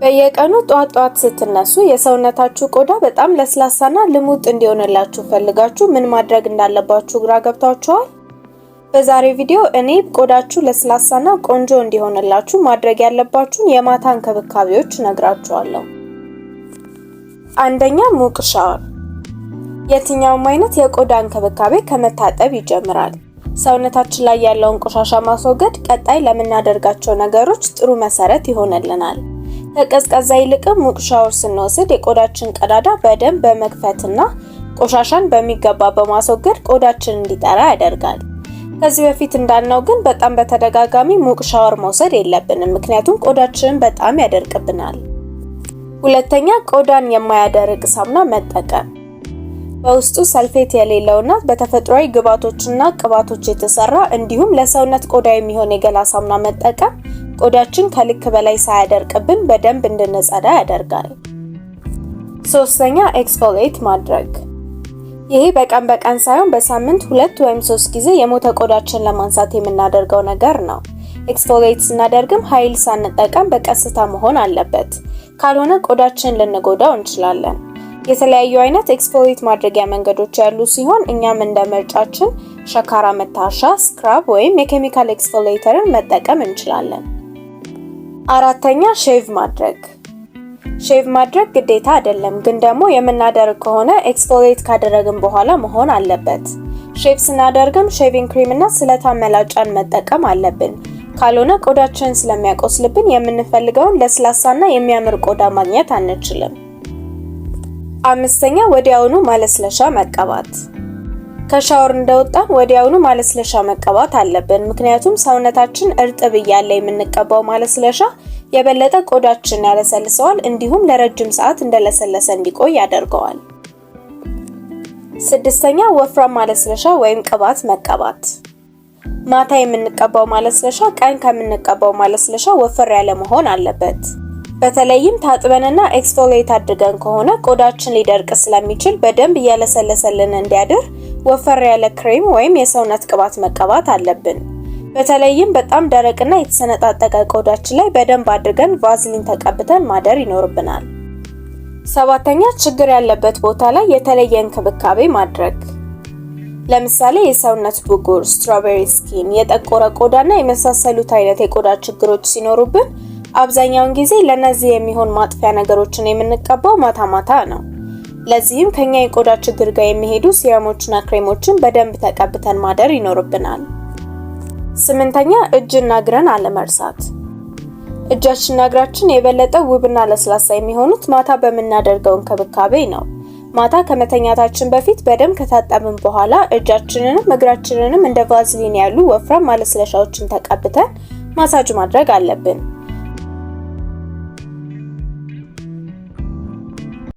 በየቀኑ ጧት ጧት ስትነሱ የሰውነታችሁ ቆዳ በጣም ለስላሳና ልሙጥ እንዲሆንላችሁ ፈልጋችሁ ምን ማድረግ እንዳለባችሁ ግራ ገብታችኋል? በዛሬ ቪዲዮ እኔ ቆዳችሁ ለስላሳና ቆንጆ እንዲሆንላችሁ ማድረግ ያለባችሁን የማታ እንክብካቤዎች ነግራችኋለሁ። አንደኛ ሙቅ ሻወር። የትኛውም አይነት የቆዳ እንክብካቤ ከመታጠብ ይጀምራል። ሰውነታችን ላይ ያለውን ቆሻሻ ማስወገድ ቀጣይ ለምናደርጋቸው ነገሮች ጥሩ መሰረት ይሆንልናል። ከቀዝቃዛ ይልቅ ሙቅ ሻወር ስንወስድ የቆዳችን ቀዳዳ በደንብ በመክፈትና ቆሻሻን በሚገባ በማስወገድ ቆዳችን እንዲጠራ ያደርጋል። ከዚህ በፊት እንዳልነው ግን በጣም በተደጋጋሚ ሙቅ ሻወር መውሰድ የለብንም፣ ምክንያቱም ቆዳችንን በጣም ያደርቅብናል። ሁለተኛ ቆዳን የማያደርቅ ሳሙና መጠቀም። በውስጡ ሰልፌት የሌለውና በተፈጥሯዊ ግብዓቶችና ቅባቶች የተሰራ እንዲሁም ለሰውነት ቆዳ የሚሆን የገላ ሳሙና መጠቀም ቆዳችን ከልክ በላይ ሳያደርቅብን በደንብ እንድንጸዳ ያደርጋል። ሶስተኛ ኤክስፎሌት ማድረግ ይሄ በቀን በቀን ሳይሆን በሳምንት ሁለት ወይም ሶስት ጊዜ የሞተ ቆዳችን ለማንሳት የምናደርገው ነገር ነው። ኤክስፎሌት ስናደርግም ኃይል ሳንጠቀም በቀስታ መሆን አለበት፣ ካልሆነ ቆዳችን ልንጎዳው እንችላለን። የተለያዩ አይነት ኤክስፎሌት ማድረጊያ መንገዶች ያሉ ሲሆን እኛም እንደ ምርጫችን ሸካራ መታሻ፣ ስክራብ ወይም የኬሚካል ኤክስፎሌተርን መጠቀም እንችላለን። አራተኛ ሼቭ ማድረግ ሼቭ ማድረግ ግዴታ አይደለም፣ ግን ደግሞ የምናደርግ ከሆነ ኤክስፎሌት ካደረግን በኋላ መሆን አለበት። ሼቭ ስናደርግም ሼቪንግ ክሪም እና ስለታም መላጫን መጠቀም አለብን። ካልሆነ ቆዳችንን ስለሚያቆስልብን የምንፈልገውን ለስላሳና የሚያምር ቆዳ ማግኘት አንችልም። አምስተኛ ወዲያውኑ ማለስለሻ መቀባት ከሻወር እንደወጣን ወዲያውኑ ማለስለሻ መቀባት አለብን። ምክንያቱም ሰውነታችን እርጥብ እያለ የምንቀባው ማለስለሻ የበለጠ ቆዳችን ያለሰልሰዋል፣ እንዲሁም ለረጅም ሰዓት እንደለሰለሰ እንዲቆይ ያደርገዋል። ስድስተኛ ወፍራም ማለስለሻ ወይም ቅባት መቀባት። ማታ የምንቀባው ማለስለሻ ቀን ከምንቀባው ማለስለሻ ወፈር ያለ መሆን አለበት። በተለይም ታጥበንና ኤክስፎሊየት አድርገን ከሆነ ቆዳችን ሊደርቅ ስለሚችል በደንብ እያለሰለሰልን እንዲያድር ወፈር ያለ ክሬም ወይም የሰውነት ቅባት መቀባት አለብን። በተለይም በጣም ደረቅና የተሰነጣጠቀ ቆዳችን ላይ በደንብ አድርገን ቫዝሊን ተቀብተን ማደር ይኖርብናል። ሰባተኛ ችግር ያለበት ቦታ ላይ የተለየ እንክብካቤ ማድረግ ለምሳሌ የሰውነት ብጉር፣ ስትራቤሪ ስኪን፣ የጠቆረ ቆዳና የመሳሰሉት አይነት የቆዳ ችግሮች ሲኖሩብን አብዛኛውን ጊዜ ለነዚህ የሚሆን ማጥፊያ ነገሮችን የምንቀባው ማታ ማታ ነው። ለዚህም ከኛ የቆዳ ችግር ጋር የሚሄዱ ሲረሞችና ክሬሞችን በደንብ ተቀብተን ማደር ይኖርብናል። ስምንተኛ እጅና እግርን አለመርሳት። እጃችንና እግራችን የበለጠ ውብና ለስላሳ የሚሆኑት ማታ በምናደርገው እንክብካቤ ነው። ማታ ከመተኛታችን በፊት በደንብ ከታጠብን በኋላ እጃችንንም እግራችንንም እንደ ቫዝሊን ያሉ ወፍራም ማለስለሻዎችን ተቀብተን ማሳጅ ማድረግ አለብን።